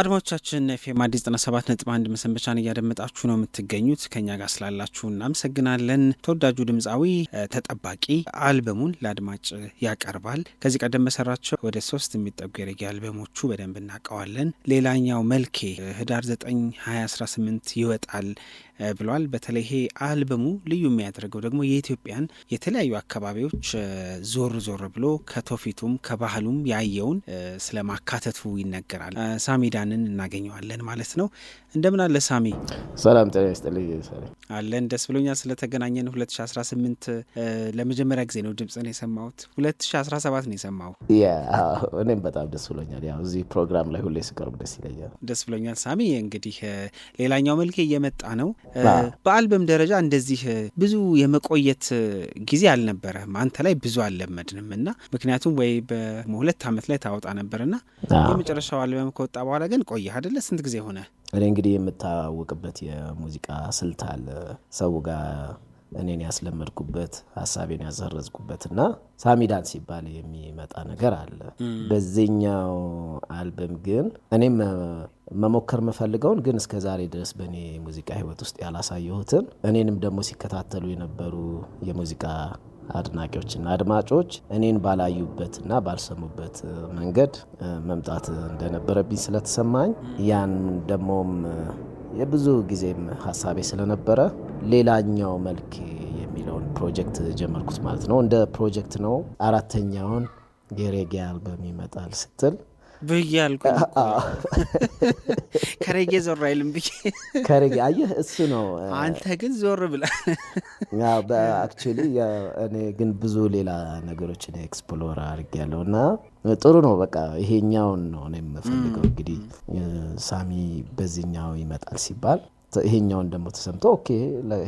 አድማጮቻችን ኤፍኤም አዲስ ዘጠና ሰባት ነጥብ አንድ መሰንበቻን እያደመጣችሁ ነው የምትገኙት። ከኛ ጋር ስላላችሁ እናመሰግናለን። ተወዳጁ ድምፃዊ ተጠባቂ አልበሙን ለአድማጭ ያቀርባል። ከዚህ ቀደም በሰራቸው ወደ ሶስት የሚጠጉ የሬጌ አልበሞቹ በደንብ እናውቀዋለን። ሌላኛው መልኬ ህዳር አስራ ስምንት ይወጣል። ብሏል። በተለይ ይሄ አልበሙ ልዩ የሚያደርገው ደግሞ የኢትዮጵያን የተለያዩ አካባቢዎች ዞር ዞር ብሎ ከቶፊቱም ከባህሉም ያየውን ስለማካተቱ ይነገራል። ሳሚዳንን እናገኘዋለን ማለት ነው። እንደምን አለ ሳሚ? ሰላም ጤና ይስጥልኝ። አለን ደስ ብሎኛል ስለተገናኘን። 2018 ለመጀመሪያ ጊዜ ነው ነው የሰማሁት። 2017 ነው የሰማሁ። እኔም በጣም ደስ ብሎኛል። ያው እዚህ ፕሮግራም ላይ ሁሌ ስቀርብ ደስ ይለኛል። ደስ ብሎኛል ሳሚ። እንግዲህ ሌላኛው መልክ እየመጣ ነው በአልበም ደረጃ እንደዚህ ብዙ የመቆየት ጊዜ አልነበረህም። አንተ ላይ ብዙ አልለመድንም እና ምክንያቱም ወይ በሁለት ዓመት ላይ ታወጣ ነበርና የመጨረሻው አልበም ከወጣ በኋላ ግን ቆየህ አደለ? ስንት ጊዜ ሆነ? እኔ እንግዲህ የምታወቅበት የሙዚቃ ስልት አለ ሰው ጋር እኔን ያስለመድኩበት ሀሳቤን ያዘረዝኩበት እና ሳሚዳን ሲባል የሚመጣ ነገር አለ። በዚህኛው አልበም ግን እኔም መሞከር የምፈልገውን ግን እስከ ዛሬ ድረስ በእኔ ሙዚቃ ህይወት ውስጥ ያላሳየሁትን እኔንም ደግሞ ሲከታተሉ የነበሩ የሙዚቃ አድናቂዎችና አድማጮች እኔን ባላዩበትና ባልሰሙበት መንገድ መምጣት እንደነበረብኝ ስለተሰማኝ ያን ደግሞም የብዙ ጊዜም ሀሳቤ ስለነበረ ሌላኛው መልክ የሚለውን ፕሮጀክት ጀመርኩት ማለት ነው። እንደ ፕሮጀክት ነው። አራተኛውን የሬጌ አልበም ይመጣል ስትል ብዬ አልኩኝ። ከረጌ ዞር አይልም ብዬ ከረጌ አየህ፣ እሱ ነው። አንተ ግን ዞር ብላ። አክቹዋሊ እኔ ግን ብዙ ሌላ ነገሮችን ኤክስፕሎር አድርጌያለሁ እና ጥሩ ነው። በቃ ይሄኛውን ነው ነው የምፈልገው። እንግዲህ ሳሚ በዚህኛው ይመጣል ሲባል ይሄኛውን ደግሞ ተሰምቶ ኦኬ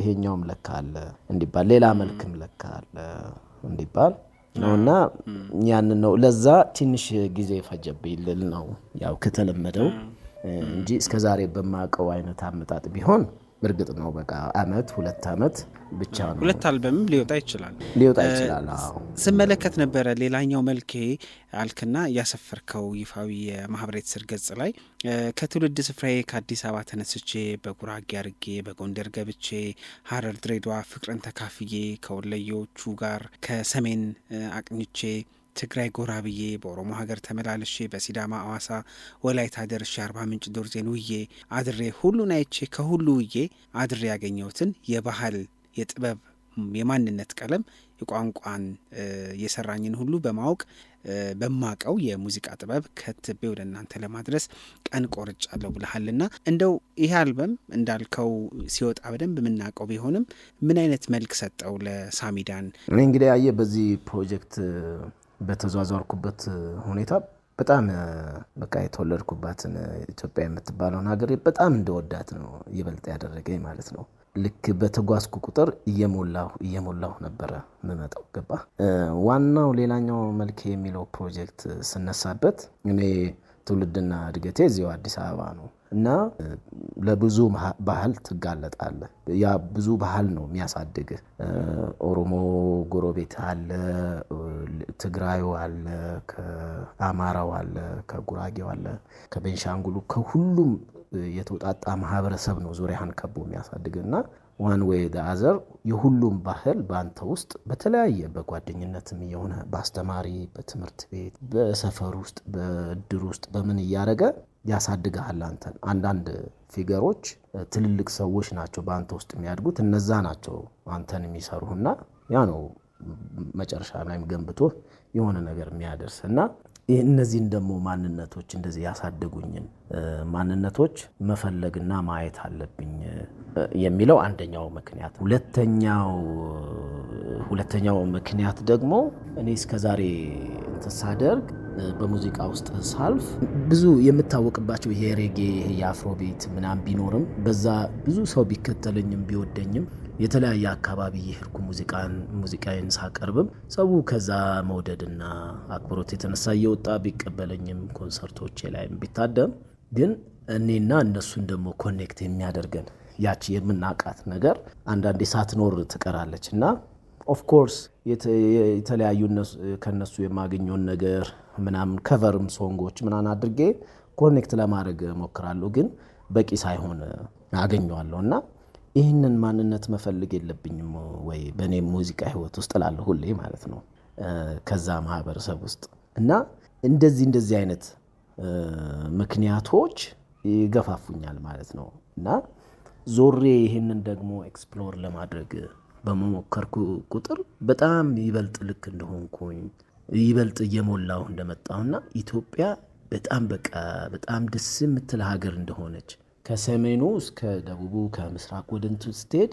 ይሄኛውም ለካ አለ እንዲባል ሌላ መልክም ለካ አለ እንዲባል ነው እና ያንን ነው ለዛ ትንሽ ጊዜ ፈጀብኝ ልል ነው ያው ከተለመደው እንጂ እስከዛሬ በማውቀው አይነት አመጣጥ ቢሆን እርግጥ ነው በቃ አመት ሁለት አመት ብቻ ነው። ሁለት አልበምም ሊወጣ ይችላል ሊወጣ ይችላል። ስመለከት ነበረ ሌላኛው መልኬ አልክና እያሰፈርከው ይፋዊ የማህበሬት ስር ገጽ ላይ ከትውልድ ስፍራዬ ከአዲስ አበባ ተነስቼ በጉራጌ አርጌ በጎንደር ገብቼ ሀረር ድሬዷ ፍቅርን ተካፍዬ ከወለዮቹ ጋር ከሰሜን አቅኝቼ ትግራይ ጎራ ብዬ በኦሮሞ ሀገር ተመላልሼ በሲዳማ አዋሳ ወላይታ ደርሼ አርባ ምንጭ ዶርዜን ውዬ አድሬ ሁሉን አይቼ ከሁሉ ውዬ አድሬ ያገኘሁትን የባህል የጥበብ የማንነት ቀለም የቋንቋን የሰራኝን ሁሉ በማወቅ በማቀው የሙዚቃ ጥበብ ከትቤ ወደ እናንተ ለማድረስ ቀን ቆርጫለሁ ብልሃልና እንደው ይህ አልበም እንዳልከው ሲወጣ በደንብ የምናውቀው ቢሆንም ምን አይነት መልክ ሰጠው ለሳሚዳን? እኔ እንግዲህ ያየ በዚህ ፕሮጀክት በተዟዟርኩበት ሁኔታ በጣም በቃ የተወለድኩባትን ኢትዮጵያ የምትባለውን ሀገር በጣም እንደወዳት ነው ይበልጥ ያደረገኝ ማለት ነው። ልክ በተጓዝኩ ቁጥር እየሞላሁ እየሞላሁ ነበረ ምመጣው ገባ። ዋናው ሌላኛው መልክ የሚለው ፕሮጀክት ስነሳበት እኔ ትውልድና እድገቴ እዚው አዲስ አበባ ነው እና ለብዙ ባህል ትጋለጣለ ያ ብዙ ባህል ነው የሚያሳድግህ። ኦሮሞ ጎረቤት አለ፣ ትግራዩ አለ፣ ከአማራው አለ፣ ከጉራጌው አለ፣ ከቤንሻንጉሉ ከሁሉም የተውጣጣ ማህበረሰብ ነው ዙሪያህን ከቦ የሚያሳድግ እና ዋን ወይ አዘር የሁሉም ባህል በአንተ ውስጥ በተለያየ በጓደኝነትም የሆነ በአስተማሪ በትምህርት ቤት በሰፈር ውስጥ በእድር ውስጥ በምን እያደረገ ያሳድግሃል አንተን። አንዳንድ ፊገሮች ትልልቅ ሰዎች ናቸው በአንተ ውስጥ የሚያድጉት፣ እነዛ ናቸው አንተን የሚሰሩህና ያ ነው መጨረሻ ላይም ገንብቶ የሆነ ነገር የሚያደርስ እና እነዚህን ደግሞ ማንነቶች እንደዚህ ያሳደጉኝን ማንነቶች መፈለግና ማየት አለብኝ የሚለው አንደኛው ምክንያት። ሁለተኛው ሁለተኛው ምክንያት ደግሞ እኔ እስከዛሬ ሳደርግ በሙዚቃ ውስጥ ሳልፍ ብዙ የምታወቅባቸው የሬጌ የአፍሮቤት ምናምን ቢኖርም በዛ ብዙ ሰው ቢከተለኝም ቢወደኝም የተለያየ አካባቢ የሄድኩ ሙዚቃን ሙዚቃዬን ሳቀርብም ሰው ከዛ መውደድና አክብሮት የተነሳ እየወጣ ቢቀበለኝም ኮንሰርቶቼ ላይም ቢታደም ግን እኔና እነሱን ደግሞ ኮኔክት የሚያደርገን ያቺ የምናቃት ነገር አንዳንዴ ሳትኖር ትቀራለች እና ኦፍኮርስ የተለያዩ ከነሱ የማገኘውን ነገር ምናምን ከቨርም ሶንጎች ምናምን አድርጌ ኮኔክት ለማድረግ ሞክራለሁ፣ ግን በቂ ሳይሆን አገኘዋለሁ እና ይህንን ማንነት መፈለግ የለብኝም ወይ በእኔ ሙዚቃ ህይወት ውስጥ ላለ ሁሌ ማለት ነው። ከዛ ማህበረሰብ ውስጥ እና እንደዚህ እንደዚህ አይነት ምክንያቶች ይገፋፉኛል ማለት ነው እና ዞሬ ይህንን ደግሞ ኤክስፕሎር ለማድረግ በመሞከርኩ ቁጥር በጣም ይበልጥ ልክ እንደሆንኩኝ ይበልጥ እየሞላሁ እንደመጣሁና ኢትዮጵያ በጣም በቃ በጣም ደስ የምትል ሀገር እንደሆነች ከሰሜኑ እስከ ደቡቡ ከምስራቅ ወደ እንትን ስትሄድ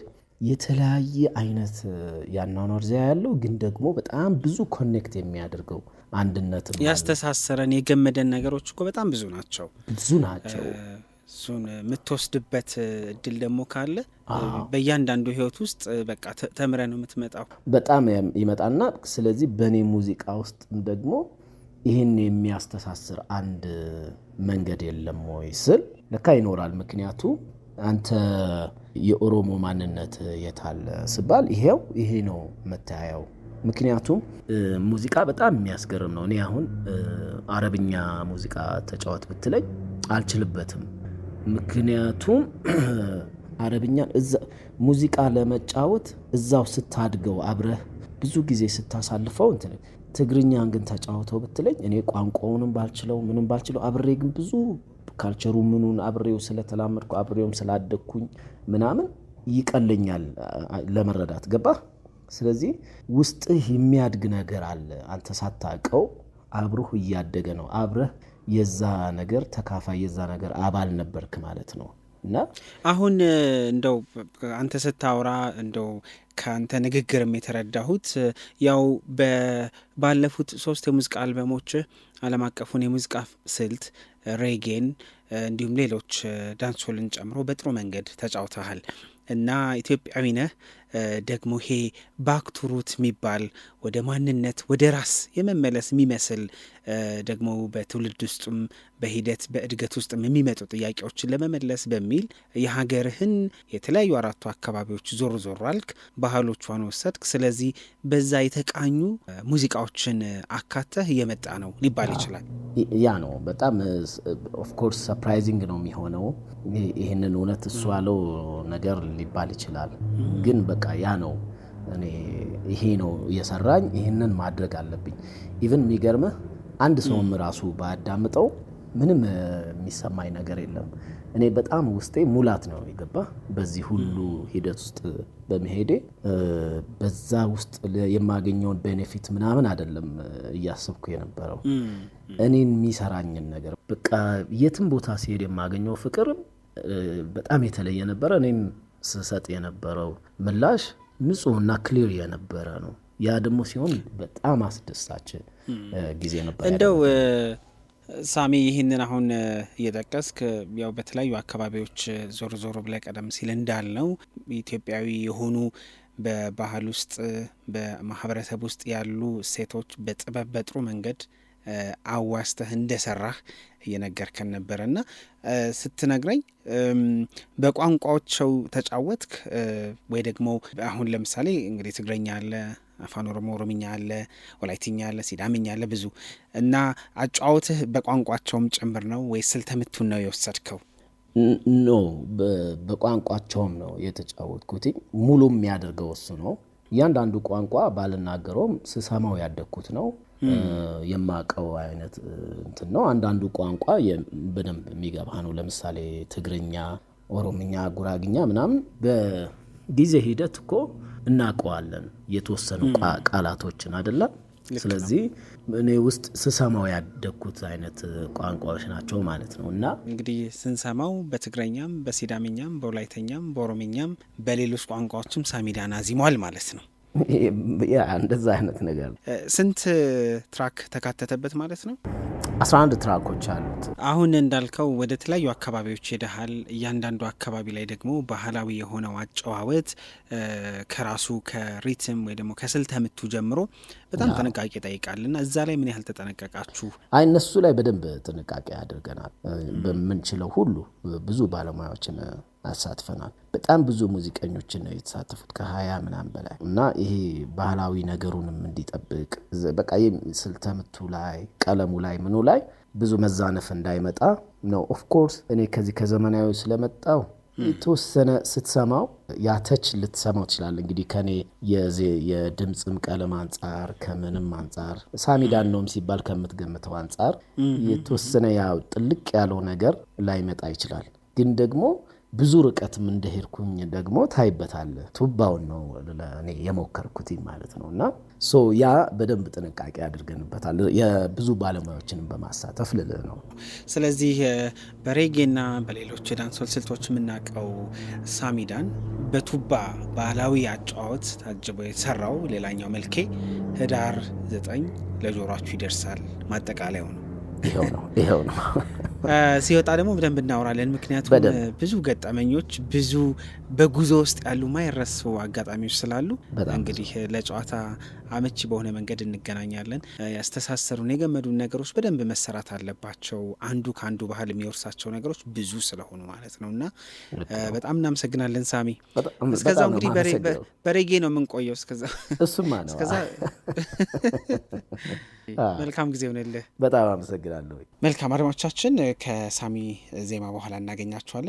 የተለያየ አይነት ያኗኗር ዚያ ያለው ግን ደግሞ በጣም ብዙ ኮኔክት የሚያደርገው አንድነት ያስተሳሰረን የገመደን ነገሮች እኮ በጣም ብዙ ናቸው ብዙ ናቸው። እሱን የምትወስድበት እድል ደግሞ ካለ በእያንዳንዱ ህይወት ውስጥ በቃ ተምረ ነው የምትመጣው። በጣም ይመጣና ስለዚህ በእኔ ሙዚቃ ውስጥ ደግሞ ይህን የሚያስተሳስር አንድ መንገድ የለም ወይ ስል ለካ ይኖራል። ምክንያቱ አንተ የኦሮሞ ማንነት የታለ ስባል ይሄው ይሄ ነው መታያየው። ምክንያቱም ሙዚቃ በጣም የሚያስገርም ነው። እኔ አሁን አረብኛ ሙዚቃ ተጫወት ብትለኝ አልችልበትም። ምክንያቱም አረብኛን ሙዚቃ ለመጫወት እዛው ስታድገው አብረህ ብዙ ጊዜ ስታሳልፈው እንትን ትግርኛን ግን ተጫወተው ብትለኝ እኔ ቋንቋውንም ባልችለው ምንም ባልችለው አብሬ ግን ብዙ ካልቸሩ ምኑን አብሬው ስለተላመድኩ አብሬውም ስላደግኩኝ ምናምን ይቀለኛል ለመረዳት ገባ። ስለዚህ ውስጥህ የሚያድግ ነገር አለ አንተ ሳታውቀው አብሮህ እያደገ ነው። አብረህ የዛ ነገር ተካፋይ የዛ ነገር አባል ነበርክ ማለት ነው። እና አሁን እንደው አንተ ስታወራ እንደው ከአንተ ንግግርም የተረዳሁት ያው ባለፉት ሶስት የሙዚቃ አልበሞች ዓለም አቀፉን የሙዚቃ ስልት ሬጌን እንዲሁም ሌሎች ዳንሶልን ጨምሮ በጥሩ መንገድ ተጫውተሃል። እና ኢትዮጵያዊ ነህ ደግሞ ይሄ ባክቱሩት የሚባል ወደ ማንነት ወደ ራስ የመመለስ የሚመስል ደግሞ በትውልድ ውስጥም በሂደት በእድገት ውስጥም የሚመጡ ጥያቄዎችን ለመመለስ በሚል የሀገርህን የተለያዩ አራቱ አካባቢዎች ዞር ዞር አልክ፣ ባህሎቿን ወሰድክ። ስለዚህ በዛ የተቃኙ ሙዚቃዎችን አካተህ እየመጣ ነው ሊባል ይችላል። ያ ነው በጣም ኦፍኮርስ ሰርፕራይዚንግ ነው የሚሆነው። ይህንን እውነት እሱ ያለው ነገር ሊባል ይችላል። ግን በቃ ያ ነው እኔ ይሄ ነው እየሰራኝ ይህንን ማድረግ አለብኝ። ኢቨን የሚገርምህ አንድ ሰውም ራሱ ባያዳምጠው ምንም የሚሰማኝ ነገር የለም። እኔ በጣም ውስጤ ሙላት ነው የገባ በዚህ ሁሉ ሂደት ውስጥ በመሄዴ በዛ ውስጥ የማገኘውን ቤኔፊት ምናምን አይደለም እያሰብኩ የነበረው እኔን የሚሰራኝን ነገር በቃ የትም ቦታ ሲሄድ የማገኘው ፍቅር በጣም የተለየ ነበረ። እኔም ስሰጥ የነበረው ምላሽ ንጹህና ክሊር የነበረ ነው። ያ ደግሞ ሲሆን በጣም አስደሳች ጊዜ ነበር። እንደው ሳሚ ይህንን አሁን እየጠቀስክ ያው በተለያዩ አካባቢዎች ዞሮ ዞሮ ብለህ ቀደም ሲል እንዳልነው ኢትዮጵያዊ የሆኑ በባህል ውስጥ በማህበረሰብ ውስጥ ያሉ እሴቶች በጥበብ በጥሩ መንገድ አዋስተህ እንደሰራህ እየነገርከን ነበረ እና ስትነግረኝ በቋንቋዎቸው ተጫወትክ ወይ ደግሞ አሁን ለምሳሌ እንግዲህ ትግረኛ አለ፣ አፋን ኦሮሞ ኦሮምኛ አለ፣ ወላይትኛ አለ፣ ሲዳምኛ አለ ብዙ እና አጫወትህ በቋንቋቸውም ጭምር ነው ወይ ስልተ ምቱን ነው የወሰድከው? ኖ በቋንቋቸውም ነው የተጫወትኩት። ሙሉ የሚያደርገው እሱ ነው። እያንዳንዱ ቋንቋ ባልናገረውም ስሰማው ያደግኩት ነው። የማቀው አይነት እንትን ነው። አንዳንዱ ቋንቋ በደንብ የሚገባ ነው። ለምሳሌ ትግርኛ፣ ኦሮምኛ፣ ጉራግኛ ምናምን በጊዜ ሂደት እኮ እናቀዋለን የተወሰኑ ቃላቶችን አይደለም። ስለዚህ እኔ ውስጥ ስሰማው ያደግኩት አይነት ቋንቋዎች ናቸው ማለት ነው። እና እንግዲህ ስንሰማው በትግረኛም፣ በሲዳምኛም፣ በወላይተኛም፣ በኦሮምኛም በሌሎች ቋንቋዎችም ሳሚዳን አዚሟል ማለት ነው። ያ እንደዛ አይነት ነገር ነው። ስንት ትራክ ተካተተበት ማለት ነው? አስራ አንድ ትራኮች አሉት። አሁን እንዳልከው ወደ ተለያዩ አካባቢዎች ሄደሃል። እያንዳንዱ አካባቢ ላይ ደግሞ ባህላዊ የሆነው አጨዋወት ከራሱ ከሪትም ወይ ደግሞ ከስልተ ምቱ ጀምሮ በጣም ጥንቃቄ ይጠይቃል እና እዛ ላይ ምን ያህል ተጠነቀቃችሁ? አይ እነሱ ላይ በደንብ ጥንቃቄ አድርገናል። በምንችለው ሁሉ ብዙ ባለሙያዎችን አሳትፈናል። በጣም ብዙ ሙዚቀኞችን ነው የተሳተፉት ከሀያ ምናምን በላይ እና ይሄ ባህላዊ ነገሩንም እንዲጠብቅ በቃ ስልተምቱ ላይ ቀለሙ ላይ ምኑ ላይ ብዙ መዛነፍ እንዳይመጣ ነው። ኦፍኮርስ እኔ ከዚህ ከዘመናዊ ስለመጣው የተወሰነ ስትሰማው ያተች ልትሰማው ትችላል። እንግዲህ ከኔ የድምፅም ቀለም አንጻር ከምንም አንጻር ሳሚዳን ነውም ሲባል ከምትገምተው አንጻር የተወሰነ ያው ጥልቅ ያለው ነገር ላይመጣ ይችላል ግን ደግሞ ብዙ ርቀትም እንደሄድኩኝ ደግሞ ታይበታል። ቱባውን ነው እኔ የሞከርኩት ማለት ነው። እና ያ በደንብ ጥንቃቄ አድርገንበታል፣ የብዙ ባለሙያዎችንም በማሳተፍ ልል ነው። ስለዚህ በሬጌና በሌሎች የዳንሶል ስልቶች የምናውቀው ሳሚዳን በቱባ ባህላዊ አጫዋወት ታጅቦ የተሰራው ሌላኛው መልኬ ህዳር ዘጠኝ ለጆሯችሁ ይደርሳል። ማጠቃለያው ነው ይኸው ነው ይኸው ነው። ሲወጣ ደግሞ በደንብ እናወራለን። ምክንያቱም ብዙ ገጠመኞች፣ ብዙ በጉዞ ውስጥ ያሉ ማይረሱ አጋጣሚዎች ስላሉ እንግዲህ ለጨዋታ አመቺ በሆነ መንገድ እንገናኛለን። ያስተሳሰሩን የገመዱን ነገሮች በደንብ መሰራት አለባቸው። አንዱ ከአንዱ ባህል የሚወርሳቸው ነገሮች ብዙ ስለሆኑ ማለት ነው እና በጣም እናመሰግናለን ሳሚ። እስከዛ እንግዲህ በሬጌ ነው የምንቆየው። እስከዛ እሱማ ነው። መልካም ጊዜ ሆነልህ። በጣም አመሰግናለሁ። መልካም አድማቻችን። ከሳሚ ዜማ በኋላ እናገኛቸዋለን።